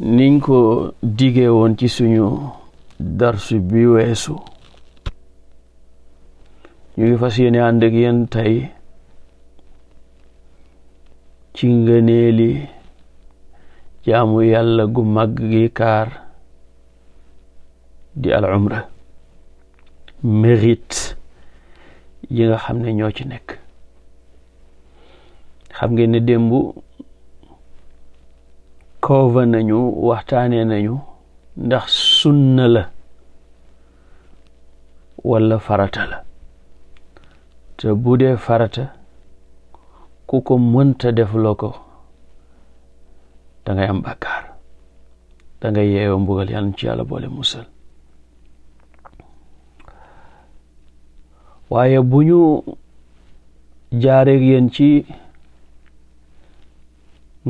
niñ ko digee woon ci suñu darsu bi weesu ñu ngi fas yéene ànd ak yéen tey ci ngëneeli jaamu yàlla gu mag gi kaar di al umra mérite yi nga xam ne ñoo ci nekk xam ngeen ne démb koofa nañu waxtaanee nañu ndax sunna la walla farata la te bu dee farata ku ko mënta defloo ko da ngay am bàkkaar da ngay yeewoo mbugal yàlla ci yàlla boole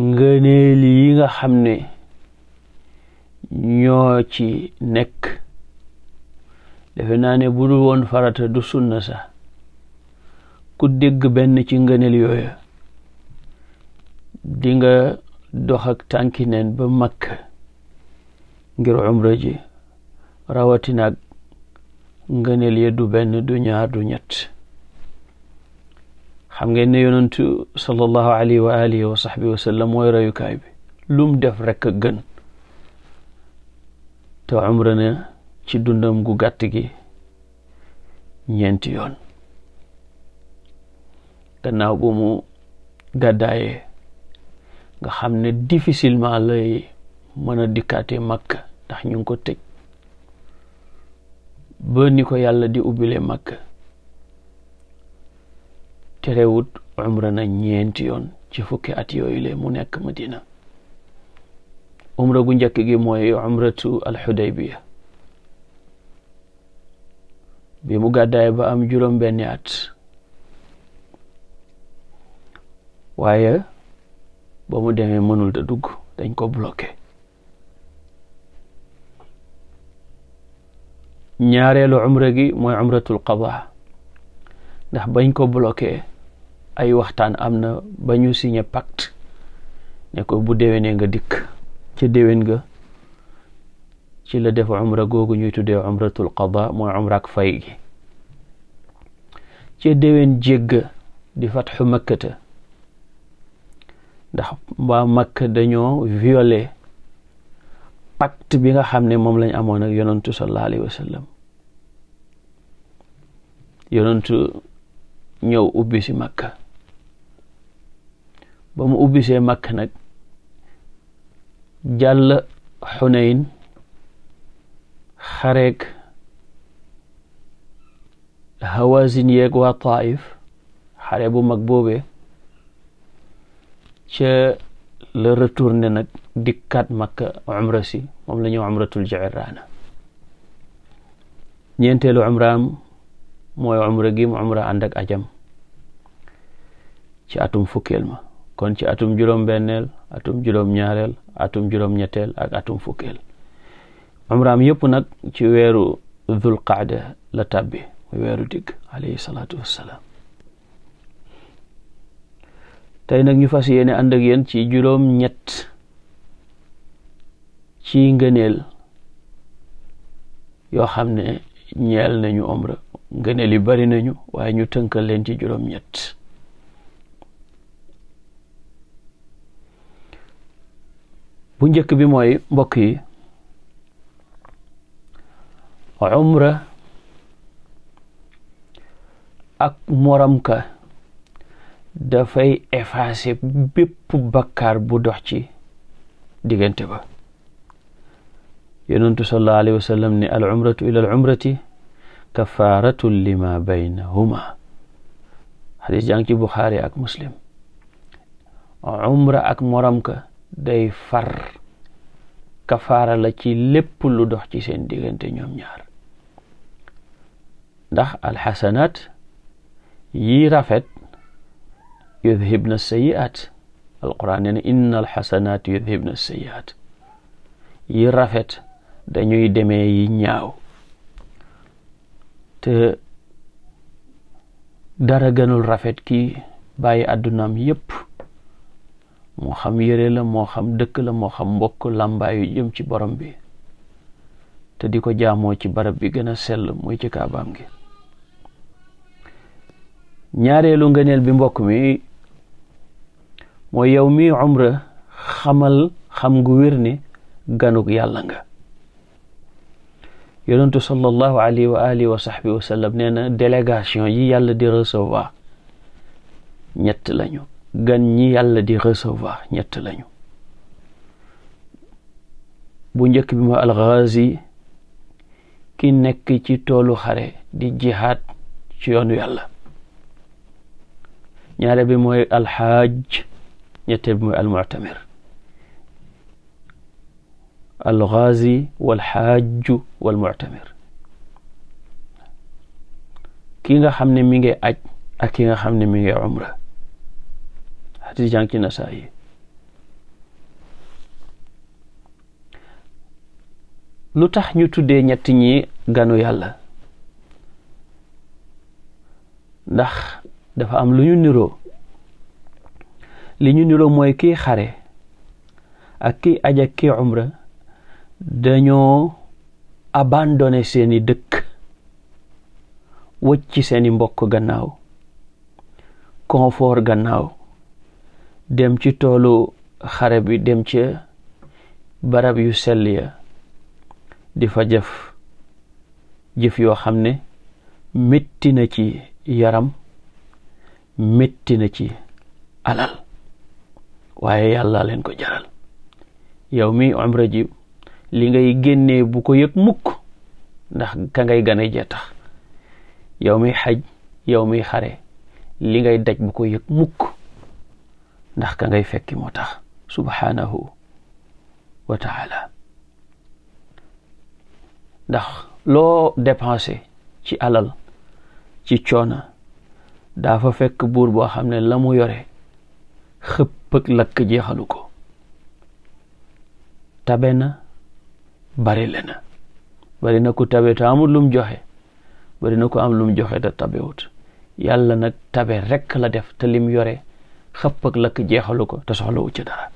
ngëneel yi nga xam ne ñoo ci nekk defe naa ne bu dul woon farata du sunna sa ku dégg benn ci ngëneel yooyu di nga dox ak ba makk ngir umra ji rawatina ak ngëneel ya du ñaar du ñett xam ngeen ne yonentu sallallahu alayhi wa alihi wa sahbihi wa sallam mooy rayukaay bi lum def rekk a gën te umra ci dundam gu gàtt gi ñeenti yoon gannaaw bu mu gàddaayee nga xam ne difficilement lay mën a dikkaate Makka ndax ñu ko tëj ba ni ko yàlla di ubbile Makka terewut umra na ñeenti yoon ci fukki at yooyu mu nekk Madina umra gu njëkk gi mooy umratu alxudaybiya bi mu gàddaay ba am juróom at waaye ba mu demee mënul da dugg dañ ko bloqué ñaareelu umra gi mooy umratul qada ndax bañ ko bloqué ay waxtaan am na ba ñu signé pacte ne ko bu déwénee nga dikk ca déwén ga ci la def umra googu ñuy tuddee umratul qada mooy umra ak fay gi ca déwén jégga di fatxu makkata ndax waa makka dañoo violé pacte bi nga xam ne moom lañ amoon ak yonantu sallallahu alayhi wa sallam yonantu ubbi si makka ba mu ubbisee Makka nag jàll Xunayn xareeg Hawazin yeeg waa Taif xare bu mag boobee ca la retourné nag dikkaat Makka umra si moom la ñuy umratul Jiirana ñeenteelu umraam mooy umra gi mu umra ànd ak ajam ci atum fukkeel ma kon ci atum juróom-benneel atum juróom-ñaareel atum juróom-ñetteel ak atum fukkeel umraam yépp nag ci weeru dhul qaada la tàbbi mu weeru digg alayhi salaatu wassalaam tey nag ñu fas yéene ànd ak ci juróom-ñett ci ngëneel yoo xam ne ñeel nañu omra ngëneel yi bari nañu waaye ñu tënkal leen ci juróom-ñett bu njëkk bi mooy mbokk yi umra ak moramka ka dafay effacer bépp bakkaar bu dox ci diggante ba yonentu sallallahu alayhi wa sallam ne al umratu ila al umrati kafaratun lima baynahuma xadis jàng ci buxaari ak muslim ak moram day far kafaara la ci lépp lu dox ci seen diggante ñoom ñaar ndax alxasanaat yi rafet na yudhibna sayiat alquran nee na inna alxasanaat na sayiat yi rafet dañuy demee yi ñaaw te dara gënul rafet ki bàyyi àddunaam yépp moo xam yëre la moo xam dëkk la moo xam mbokk yu jëm ci borom bi te di ko jaamoo ci barab bi gën a sell muy ci kaabaam gi ñaareelu ngëneel bi mbokk mi mooy yow mi umra xamal xam ngu wér ni ganug yàlla nga yonentu sallallahu alayhi wa alihi wa sahbi wa sallam nee na délégation yi yàlla di recevoir ñett lañu gan ñi yàlla di recevoir ñett lañu bu njëkk bi mooy alxaazi ki nekk ci toolu xare di jihaad ci yoonu yàlla ñaare bi mooy alxaaj ñetteel bi mooy almuctamir alxaazi walxaaju walmuctamir ki nga xam ne mi ngi aj ak ki nga xam ne mi ngi umra 8시장 끼나 사이 lu tax ñu tuddee ñett ñi ganu yàlla ndax dafa am lu ñu niroo li ñu niroo mooy kii xare ak kii aj ak kii umra dañoo abandonné seeni dëkk wëcc seeni mbokk gannaaw confort gannaaw dem ci toolu xare bi dem ca barab yu sell ya di fa jëf jëf yoo xam ne métti na ci yaram metti na ci alal waaye yàlla leen ko jaral yow mi umra ji li ngay génne bu ko yëg mukk ndax ka ngay gane jee tax yow mi xaj yow mi xare li ngay daj bu ko yëg mukk ndax ka ngay fekki moo tax subhaanahu wa ndax loo dépensé ci alal ci coona dafa fekk buur boo xam ne la mu yore xëpp la lakk ko tabe na bari la na bari na ku tabe te amul lum joxe bari na ku am lum joxe te tabewut yàlla nag tabe rekk la def te lim yore xëpp ak lakk jeexalu ko te soxlawu ci dara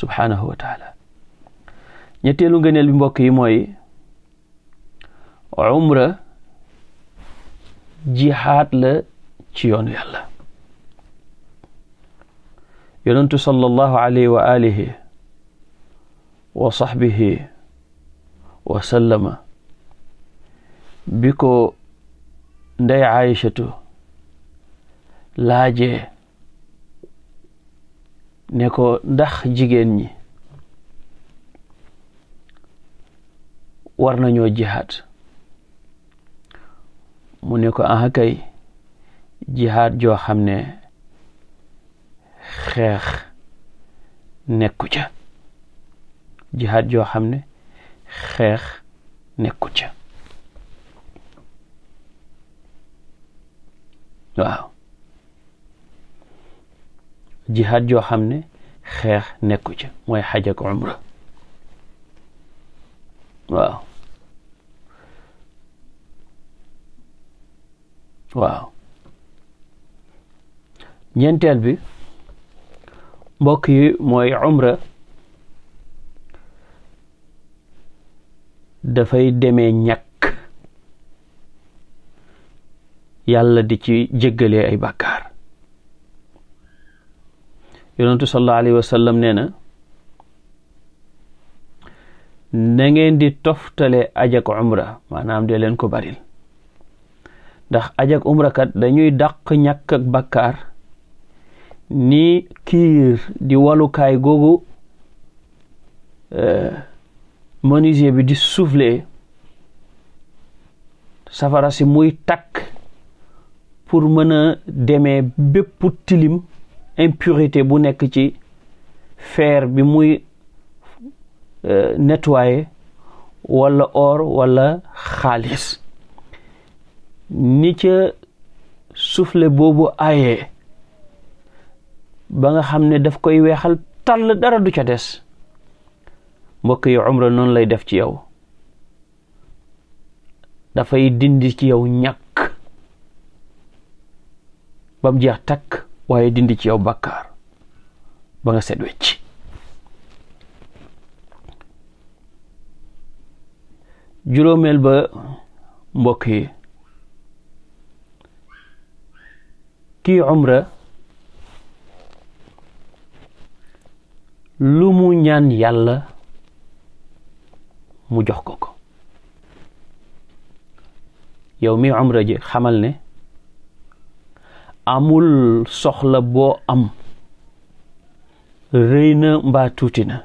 subhaanahu wa taala ñetteelu ngëneel bi mbokk yi mooy umra jihaad la ci yoonu yàlla yonentu sallallahu alayhi wa alihi wa sahbihi wa sallama bi ko ndey aïchatu laajee ne ko ndax jigéen ñi war nañoo jihaad mu ne ko aha kay jihaad joo xam ne xeex nekku ca jihaad joo xam ne xeex nekku ca waaw jihaad joo xam ne xeex nekku ci mooy xaj ak umra waaw ñeenteel bi mbokk yi mooy umra dafay demee ñàkk yàlla di ci jéggale ay bàkkaar yonentu sallallahu alayhi wa sallam nee na na ngeen di toftale ajak umra maanaam dee leen ko baril ndax ajak umra kat dañuy dàq ñàkk ak bakkaar ni kiir di walukaay googu euh, menuisier bi di souffler safara si muy takk pour mën a demee bépp tilim impurité bu nekk ci fer bi muy euh, nettoyer walla or wala xaalis ni ca soufflet boobu ayee ba nga xam ne daf koy weexal tal dara du ca des mbokk yi umra noonu lay def ci yow dafay dindi ci yow ñàkk bam jeex takk waaye dindi ci yaw bàkkaar ba nga set wecc juróomeel ba mbokk yi kii umra lu mu ñaan yàlla mu jox ko ko yow mi umra ji xamal ne amul soxla boo am rëy na mbaa tuuti na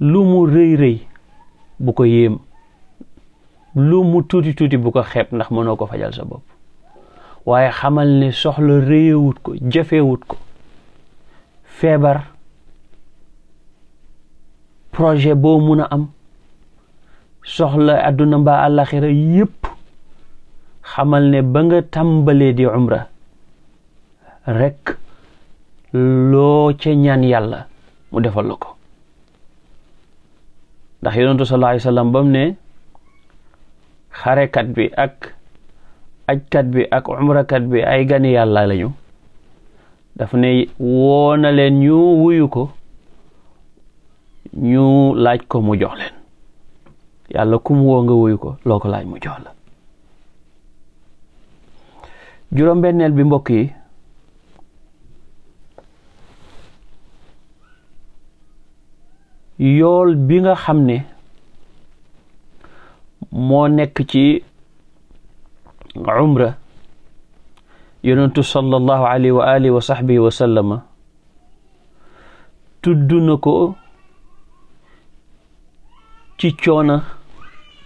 lu mu rëy-rëy bu ko yéem lu mu tuuti tuuti bu ko xeeb ndax mënoo ko fajal sa bopp waaye xamal ne soxla rëyewut ko jafewut ko feebar projet boo mun a am soxla àdduna mbaa àllaxira yépp xamal ne ba nga tàmbalee di umra rekk loo ca ñaan yàlla mu defal la ko ndax yonentu sallallahu alayhi wasallam bam ne xarekat bi ak ajkat bi ak umrakat bi ay gani yàlla lañu dafa ne woona leen ñu wuyu ko ñu laaj ko mu jox leen yàlla ku mu woo nga wuyu ko loo ko laaj mu jox la juróom-benneel bi mbokk yi yool bi nga xam ni moo nekk ci umra yonentu sallallahu alayhi wa alihi wa sahbihi tudd na ko ci coona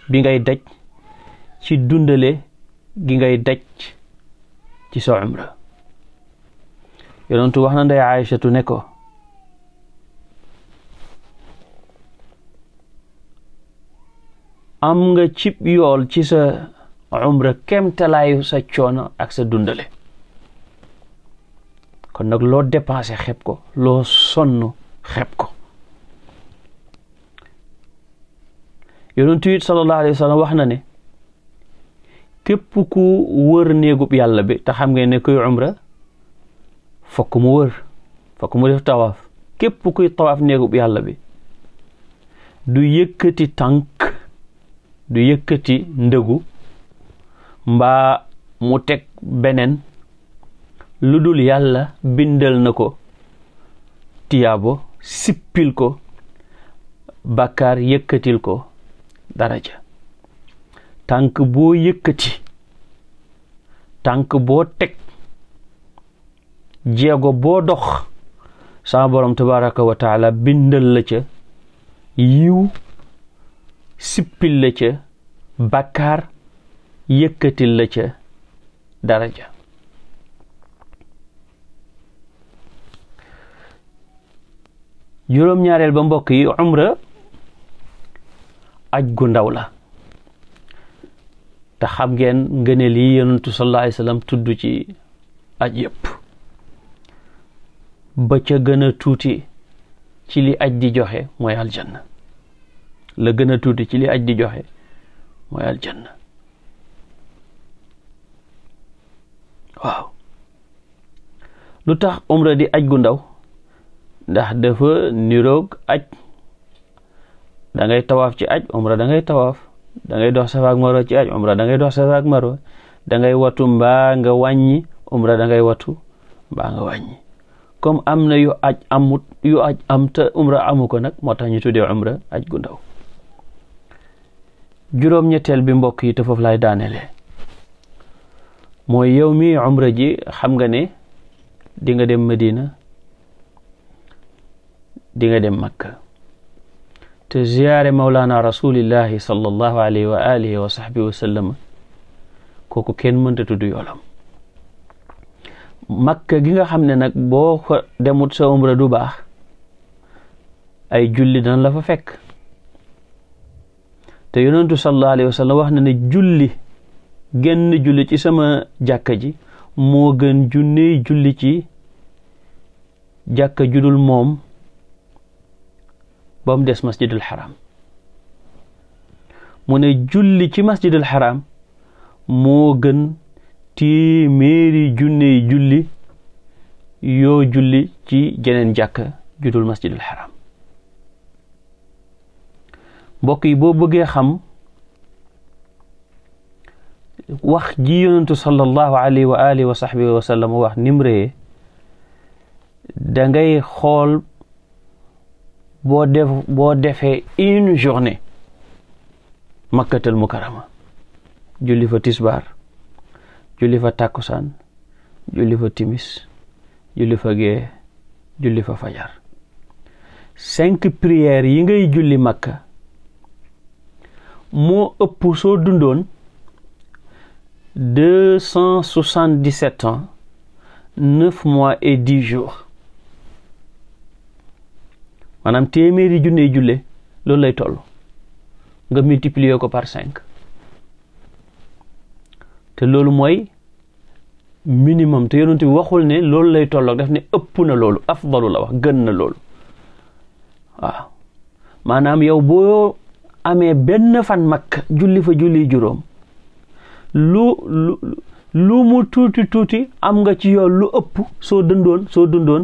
bi ngay daj ci dundale gi ngay daj ci sa umra yonentu wax na ndey Aïchatu ne ko am nga cib yool ci sa umra kemtalaayu sa coono ak sa dundale kon nag loo dépensé xeb ko loo sonn xeb ko yonentu it sallallahu alayhi wa sallam wax na ne képp ku wër néegub yàlla bi te xam ngeen ne kuy umra fokk mu wër fokk mu def tawaaf képp kuy tawaaf néegub yàlla bi du yëkkati tànk du yëkkati ndëgu mbaa mu teg beneen lu dul yàlla bindal na ko tiyaabo sippil ko bàkkaar yëkkatil ko daraja tànk boo yëkkati tànk boo teg jéego boo dox sama borom tabaraka wa taala bindal la ca yiw sippil la ca bakkar yëkkatil la ca daraja juróom-ñaareel ba mbokk yi umra aj gu ndaw la te xam ngeen ngëneel yi yonentu sallallahu alayhi wasallam tudd ci aj yëpp ba ca gën a tuuti ci li aj di joxe mooy aljanna la gën a tuuti ci li aj di joxe mooy aljanna waaw lu tax umra di aj gu ndaw ndax dafa niroog aj dangay ngay tawaaf ci aj umra da ngay tawaaf da ngay dox safa ak marwa ci aj umra da ngay dox safa ak marwa watu mbaa nga wàññi umra da ngay watu mbaa nga wàññi comme am na yu aj am te umra amu ko nag moo tax ñu tuddee umra aj gu ndaw juróom bi mbokk yi te foofu laay daanelee mooy yow mi umra ji xam nga ne dinga dem Medina di nga dem Makka te ziyaare maulana rasulillahi sallallahu alayhi wa alihi wa sahbihi wa sallam kooku kenn mënta tudd yoolam makka gi nga xam ne nag boo ko demut sa umra du baax ay julli dana la fa fekk te yonentu sallallahu alayhi wa sallam wax na ne julli genn julli ci sama jàkka ji moo gën junniy julli ci jàkka judul moom ba mu des masjidul xaram mu ne julli ci masjidul xaram mu gën téeméeri junney julli yoo julli ci jeneen jàkk judul masjidul xaram mbokk yi boo bëggee xam wax ji yonentu sallallahu alayhi wa alihi wa sahbihi wa sallam wax nim ree da ngay xool boo defee une journée makkatal mukarama julli fa tisbaar julli fa takkusaan julli fa timis julli fa gee julli fa fajar cinq prières yi ngay julli makka moo ëpp soo dundoon deux cent soixante dix ans neuf mois et dix jours maanaam téeméeri junne julle loolu lay toll nga multiplier ko par cinq te loolu mooy minimum te yonent bi waxul ne loolu lay tolloog daf ne ëpp na loolu afdalu la wax gën na loolu waaw maanaam yow boo amee benn fan makk julli fa julli juróom lu lu lu mu tuuti tuuti am nga ci yoon lu ëpp soo dundoon soo dundoon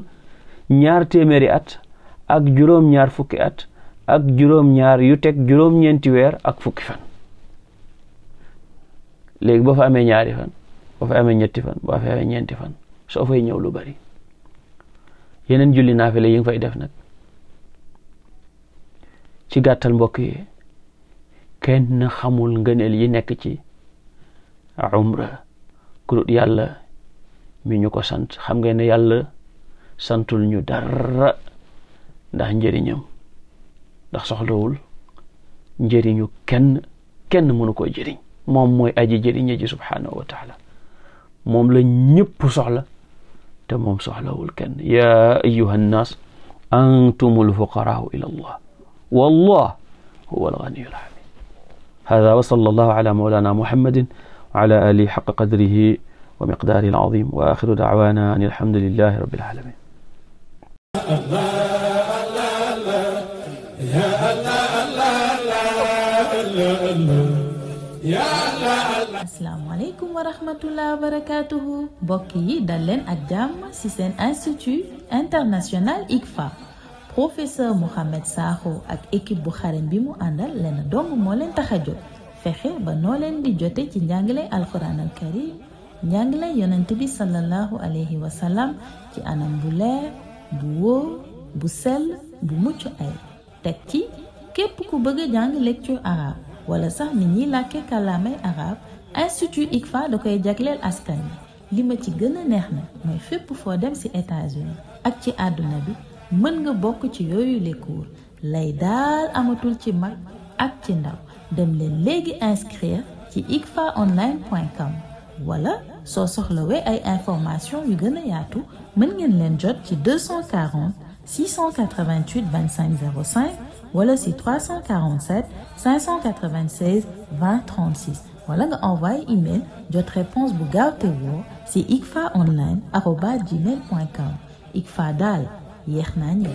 ñaar téeméeri at ak juróom-ñaar fukki at ak juróom-ñaar yu teg juróom-ñeenti weer ak fukki fan léegi boo fa amee ñaari fan boo fa amee ñetti fan boo fa amee ñeenti fan soo fay ñëw lu bari yeneen julli naafila yi ngi fay def nag ci gàttal mbokk yi na xamul ngëneel yi nekk ci umra kurut yàlla mi ñu ko sant xam ngeen ne yàlla santul ñu dara ndax njëriñam ndax soxlawul njëriñu kenn kenn mënu ko jëriñ moom mooy aji jëriñe ji subhaanahu wa taala moom la ñëpp soxla te moom soxlawul kenn yaa ayuha annaas antum alfuqaraau ila allah wallah huwa alganiyu alhamid hada wa sala allahu ala mawlana muhammadin wa ala alihi xaqa qadrihi wa miqdaarihi alazim wa axiru daawana an alhamdulillahi rabbil alamin asalaamaaleykum wa rahmatullah wa barakaatuhu mbokk yi dal leen ak jàmm ci seen institut international ICFA professeur Mouhamed Sakho ak équipe bu xarañ bi mu àndal leen dong moo leen tax a jóg fexe ba noo leen di jote ci njàngale alquran al karim njàngale yonent bi sallallahu alayhi wa ci anam bu leer bu wóor bu sell bu mucc ay teg ci képp ku bëgga a jàng lecture arabe wala sax nit ñi làkkee kàllaamay arab institut ICFA da koy jagleel askan bi li ma ci gën a neex na mooy fépp foo dem ci États-Unis ak ci àdduna bi mën nga bokk ci yooyu les cours lay daal amatul ci mag ak ci ndaw dem leen léegi inscrire ci icfaonline.com wala soo soxlawee ay information yu gën a yaatu mën ngeen leen jot ci 240 688 25 05 wala si 347 596 20 36 wala nga envoyé email jot réponse bu gaaw te woo si ikfa online arobas gmail point com ikfa daal yéex naa ñëw.